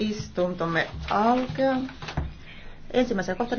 istuntomme alkaa. Ensimmäisen kohta